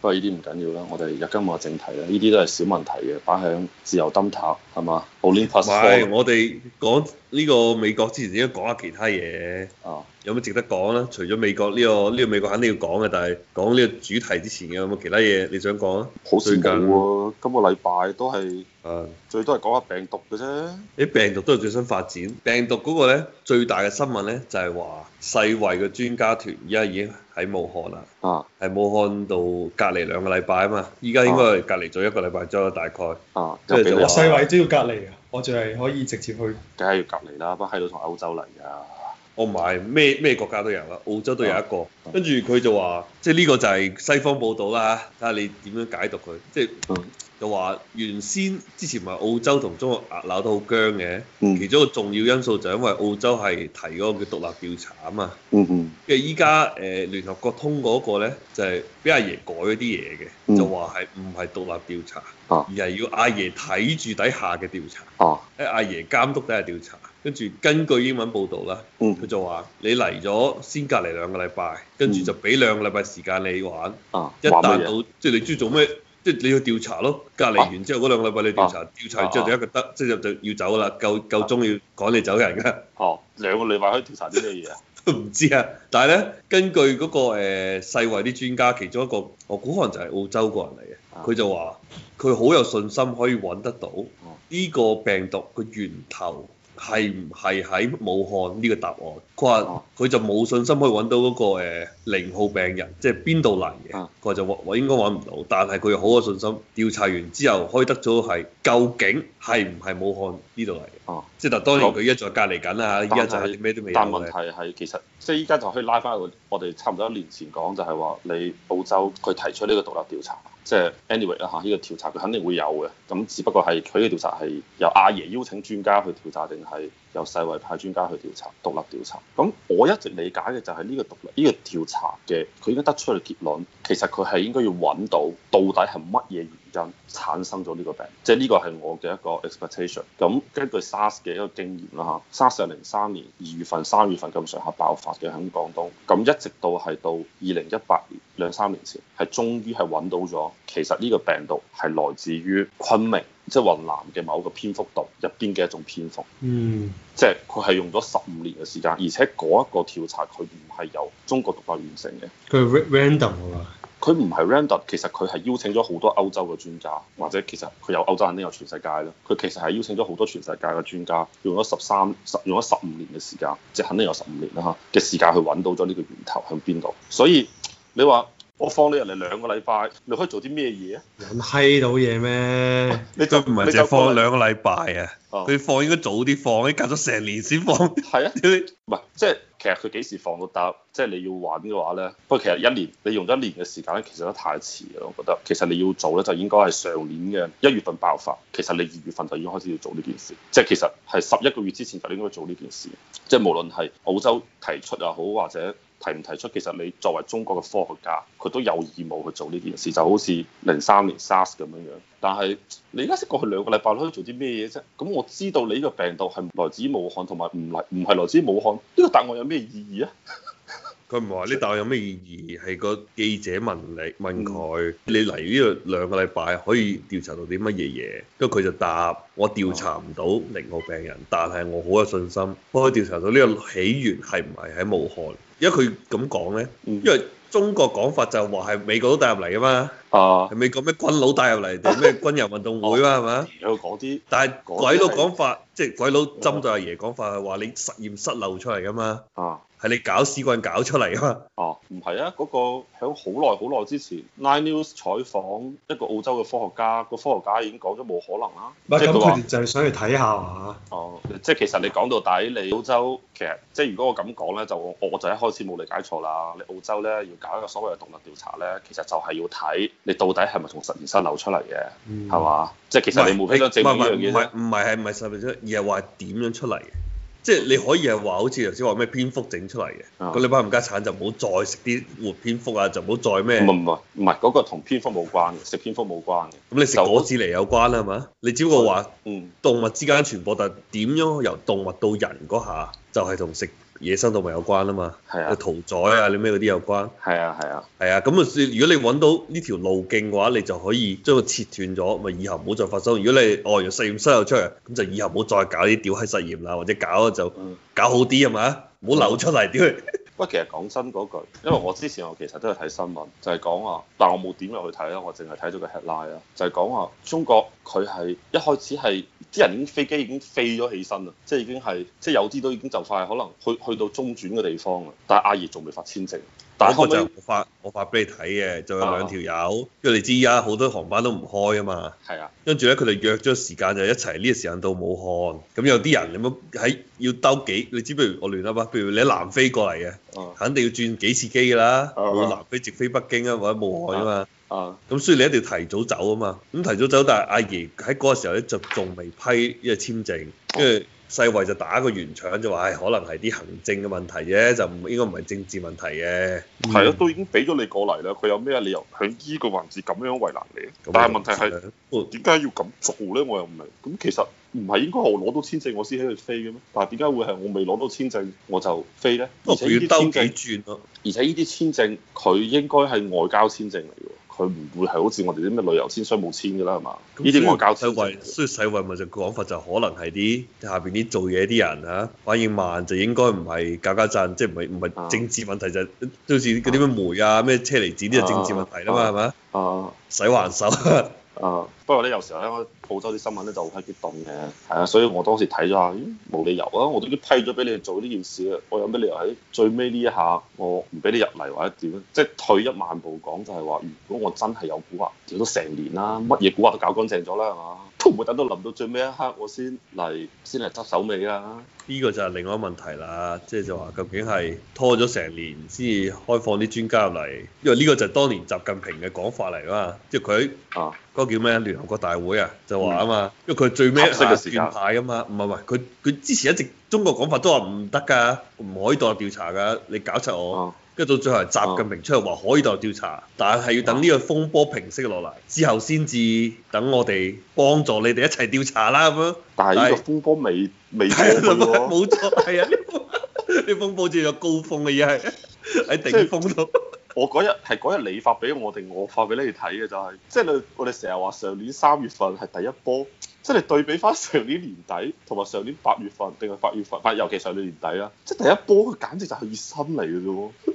不過呢啲唔緊要啦，我哋入今日整正題啦，依啲都係小問題嘅，擺喺自由登塔係嘛 o l y m 我哋講呢個美國之前應該講下其他嘢。哦、啊。有咩值得講咧？除咗美國呢、這個，呢、這個美國肯定要講嘅，但係講呢個主題之前嘅有冇其他嘢你想講咧？好少㗎喎，近今個禮拜都係誒，的最多係講下病毒嘅啫。啲病毒都係最新發展，病毒嗰個咧最大嘅新聞咧就係、是、話世衛嘅專家團而家已經，喺武漢啊，喺、啊、武漢度隔離兩個禮拜啊嘛，依家應該係隔離咗一個禮拜咗，大概，即係、啊、我世衛都要隔離啊，我仲係可以直接去，梗係要隔離啦，不喺度同歐洲嚟啊，我唔係咩咩國家都有啦，澳洲都有一個，跟住佢就話，即係呢個就係西方報道啦，睇下你點樣解讀佢，即、就、係、是。嗯就話原先之前話澳洲同中國鬧得好僵嘅，其中一個重要因素就因為澳洲係提嗰個叫獨立調查啊嘛，跟住依家誒聯合國通過嗰個咧，就係俾阿爺改一啲嘢嘅，就話係唔係獨立調查，而係要阿爺睇住底下嘅調查，誒阿爺監督底下調查，跟住根據英文報道啦，佢就話你嚟咗先隔離兩個禮拜，跟住就俾兩個禮拜時間你玩，一旦到即係你知做咩？即係你要調查咯，隔離完之後嗰、啊、兩個禮拜你調查，啊、調查完之後、啊、就一個得，即係就就要走啦，夠夠鐘要趕你走人嘅。哦，兩個禮拜可以調查啲咩嘢啊？都唔 知啊，但係咧根據嗰個世衛啲專家，其中一個我估可能就係澳洲個人嚟嘅，佢、啊、就話佢好有信心可以揾得到呢個病毒個源頭。係唔係喺武漢呢個答案？佢話佢就冇信心可以揾到嗰個零號病人，即係邊度嚟嘅？佢、啊、就話應該揾唔到，但係佢又好有信心調查完之後可以得咗係究竟係唔係武漢呢度嚟嘅？哦、啊，即係嗱，當然佢一再隔離緊啦，依家就咩都未有嘅。但係問題係其實。即係依家就可以拉翻去，我哋差唔多一年前講就係話，你澳洲佢提出呢個獨立調查，即係 anyway 啦、啊、嚇，呢個調查佢肯定會有嘅，咁只不過係佢嘅調查係由阿爺邀請專家去調查定係？由世衞派專家去調查獨立調查，咁我一直理解嘅就係呢個獨立呢個調查嘅，佢應該得出嘅結論，其實佢係應該要揾到到底係乜嘢原因產生咗呢個病，即係呢個係我嘅一個 expectation。咁根據 SARS 嘅一個經驗啦吓 SARS 零三年二月份、三月份咁上下爆發嘅喺廣東，咁一直到係到二零一八年兩三年前，係終於係揾到咗，其實呢個病毒係來自於昆明。即係雲南嘅某個蝙蝠洞入邊嘅一種蝙蝠，嗯，即係佢係用咗十五年嘅時間，而且嗰一個調查佢唔係由中國獨立完成嘅，佢係 random 㗎嘛，佢唔係 random，其實佢係邀請咗好多歐洲嘅專家，或者其實佢有歐洲，肯定有全世界咯，佢其實係邀請咗好多全世界嘅專家，用咗十三十用咗十五年嘅時間，即係肯定有十五年啦嚇嘅時間去揾到咗呢個源頭向邊度，所以你話。我放你入嚟兩個禮拜，你可以做啲咩嘢啊？有閪到嘢咩？你再唔係放兩個禮拜啊？佢、啊、放應該早啲放，你隔咗成年先放。係啊，唔係 即係其實佢幾時放都得，即係你要玩嘅話咧，不過其實一年你用咗一年嘅時間，其實都太遲啊！我覺得其實你要做咧，就應該係上年嘅一月份爆發。其實你二月份就已經開始要做呢件事，即係其實係十一個月之前就應該做呢件事。即係無論係澳洲提出又好，或者提唔提出，其實你作為中國嘅科學家，佢都有義務去做呢件事，就好似零三年 SARS 咁樣樣。但係你而家識過去兩個禮拜可以做啲咩嘢啫？咁、嗯、我知道你呢個病毒係來自武漢，同埋唔係唔係來自武漢，呢、呢個答案有咩意義啊？佢唔係話呢答案有咩意義，係個記者問你問佢，嗯、你嚟呢度兩個禮拜可以調查到啲乜嘢嘢，跟住佢就答：我調查唔到零號病人，哦、但係我好有信心，我可以調查到呢個起源係唔係喺武漢。因為佢咁講咧，因為中國講法就話係美國都帶入嚟㗎嘛。啊，係咪講咩軍佬帶入嚟定咩軍人運動會啊？係咪有喺講啲，吧啊、但係鬼佬講法，即係鬼佬針對阿爺講法，係話你實驗室漏出嚟噶嘛？啊，係你搞屎棍搞出嚟啊嘛？哦，唔係啊，嗰、啊嗰個喺好耐好耐之前，Nine News 採訪一個澳洲嘅科學家，嗰個科學家已經講咗冇可能啦、啊。唔係就係想去睇下嚇、啊。哦、啊，即係其實你講到底，你澳洲其實即係如果我咁講咧，就我我就一開始冇理解錯啦。你澳洲咧要搞一個所謂嘅獨立調查咧，其實就係要睇。你到底係咪從實驗室流出嚟嘅，係嘛、嗯？即係其實你冇批得證明呢樣嘢。唔係唔係唔係係唔係實驗室，而係話點樣出嚟嘅？即係你可以係話好似頭先話咩蝙蝠整出嚟嘅。嗯、個你班冚家鏟就唔好再食啲活蝙蝠啊，就唔好再咩。唔係唔係嗰個同蝙蝠冇關嘅，食蝙蝠冇關嘅。咁你食果子狸有關啦，係嘛就？你只不過話，嗯，動物之間傳播，嗯、但係點樣由動物到人嗰下就係、係、同食。野生動物有關啊嘛，嘅屠、啊、宰啊，你咩嗰啲有關？係啊係啊，係啊咁啊，算如果你揾到呢條路徑嘅話，你就可以將佢切斷咗，咪以後唔好再發生。如果你哦，源實驗室又出嚟，咁就以後唔好再搞啲屌閪實驗啦，或者搞就搞好啲係嘛，唔好扭出嚟屌。 不過其實講真嗰句，因為我之前我其實都有睇新聞，就係講話，但我冇點入去睇啦，我淨係睇咗個 headline 啦，就係講話中國佢係一開始係啲人已經飛機已經飛咗起身啦，即係已經係即係有啲都已經就快可能去去到中轉嘅地方啦，但係阿爺仲未發簽證。嗰個就發我發俾你睇嘅，就有兩條友。因為你知而家好多航班都唔開啊嘛。係啊。跟住咧，佢哋約咗時間就一齊呢個時間到武漢。咁有啲人你冇喺要兜幾？你知，譬如我亂噏啊，譬如你喺南非過嚟嘅，啊、肯定要轉幾次機㗎啦。冇、啊、南非直飛北京啊，或者武漢嘛啊嘛。啊。咁所以你一定要提早走啊嘛。咁提早走，但係阿爺喺嗰個時候咧就仲未批呢個簽證。好嘅。嗯嗯。世衛就打個圓場，就話、哎：可能係啲行政嘅問題啫，就唔應該唔係政治問題嘅。係咯、嗯，都已經俾咗你過嚟啦。佢有咩理由喺依個環節咁樣為難你？但係問題係點解要咁做咧？我又唔明。咁其實唔係應該我攞到簽證，我先喺度飛嘅咩？但係點解會係我未攞到簽證我就飛咧？而且登啲簽、啊、簽證，而且呢啲簽證佢應該係外交簽證嚟㗎。佢唔會係好似我哋啲咩旅遊簽、商務簽嘅啦，係嘛？呢啲我教會，所以世衛、所以世衛咪就講法就可能係啲下邊啲做嘢啲人嚇、啊、反應慢，就應該唔係搞搞震，即係唔係唔係政治問題，啊、就好似嗰啲咩煤啊、咩、啊、車厘子啲就政治問題啦嘛，係咪啊？哦吧，使橫手。啊！Uh, 不過咧，有時候咧，澳洲啲新聞咧就好閪激動嘅，係啊，所以我當時睇咗下，咦、哎，冇理由啊！我都已經批咗俾你做呢件事啦，我有咩理由喺最尾呢一下我唔俾你入嚟或者點樣？即係退一萬步講，就係話，如果我真係有蠱惑，掉都成年啦，乜嘢蠱惑都搞乾淨咗啦，係咪？都唔會等到臨到最尾一刻我，我先嚟先嚟執手尾啊！呢個就係另外一個問題啦，即係就話、是、究竟係拖咗成年先至開放啲專家嚟，因為呢個就係當年習近平嘅講法嚟嘛，即係佢啊，嗰個叫咩啊？聯合國大會啊，就話啊嘛，嗯、因為佢最尾啊，權派啊嘛，唔係唔係，佢佢之前一直中國講法都話唔得㗎，唔可以當調查㗎，你搞柒我。啊。一到最後，習近平出嚟話可以就調查，但係要等呢個風波平息落嚟之後，先至等我哋幫助你哋一齊調查啦咁樣。但係呢個風波未未冇錯係啊！呢 個風波仲、 啊、 有高峰。嘅嘢係喺頂峯峰度。我嗰日係嗰日你發俾我定我發俾你哋睇嘅就係即係我哋成日話上年三月份係第一波，即、就、係、是、你對比翻上年年底同埋上年八月份定係八月份，尤其上年年底啦。即係第一波佢簡直就係熱身嚟嘅啫喎。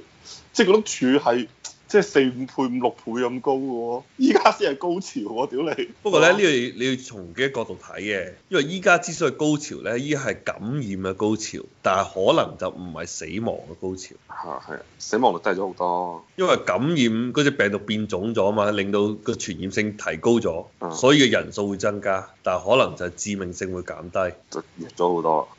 即係粒柱係即係四五倍、五六倍咁高喎、啊，依家先係高潮喎、啊，屌你！不過咧，呢個、啊、你要從幾個角度睇嘅，因為依家之所以高潮咧，依家係感染嘅高潮，但係可能就唔係死亡嘅高潮。嚇係啊！死亡率低咗好多、啊。因為感染嗰隻病毒變種咗啊嘛，令到個傳染性提高咗，啊、所以嘅人數會增加，但係可能就係致命性會減低，嗯嗯嗯、就弱咗好多。嗯嗯嗯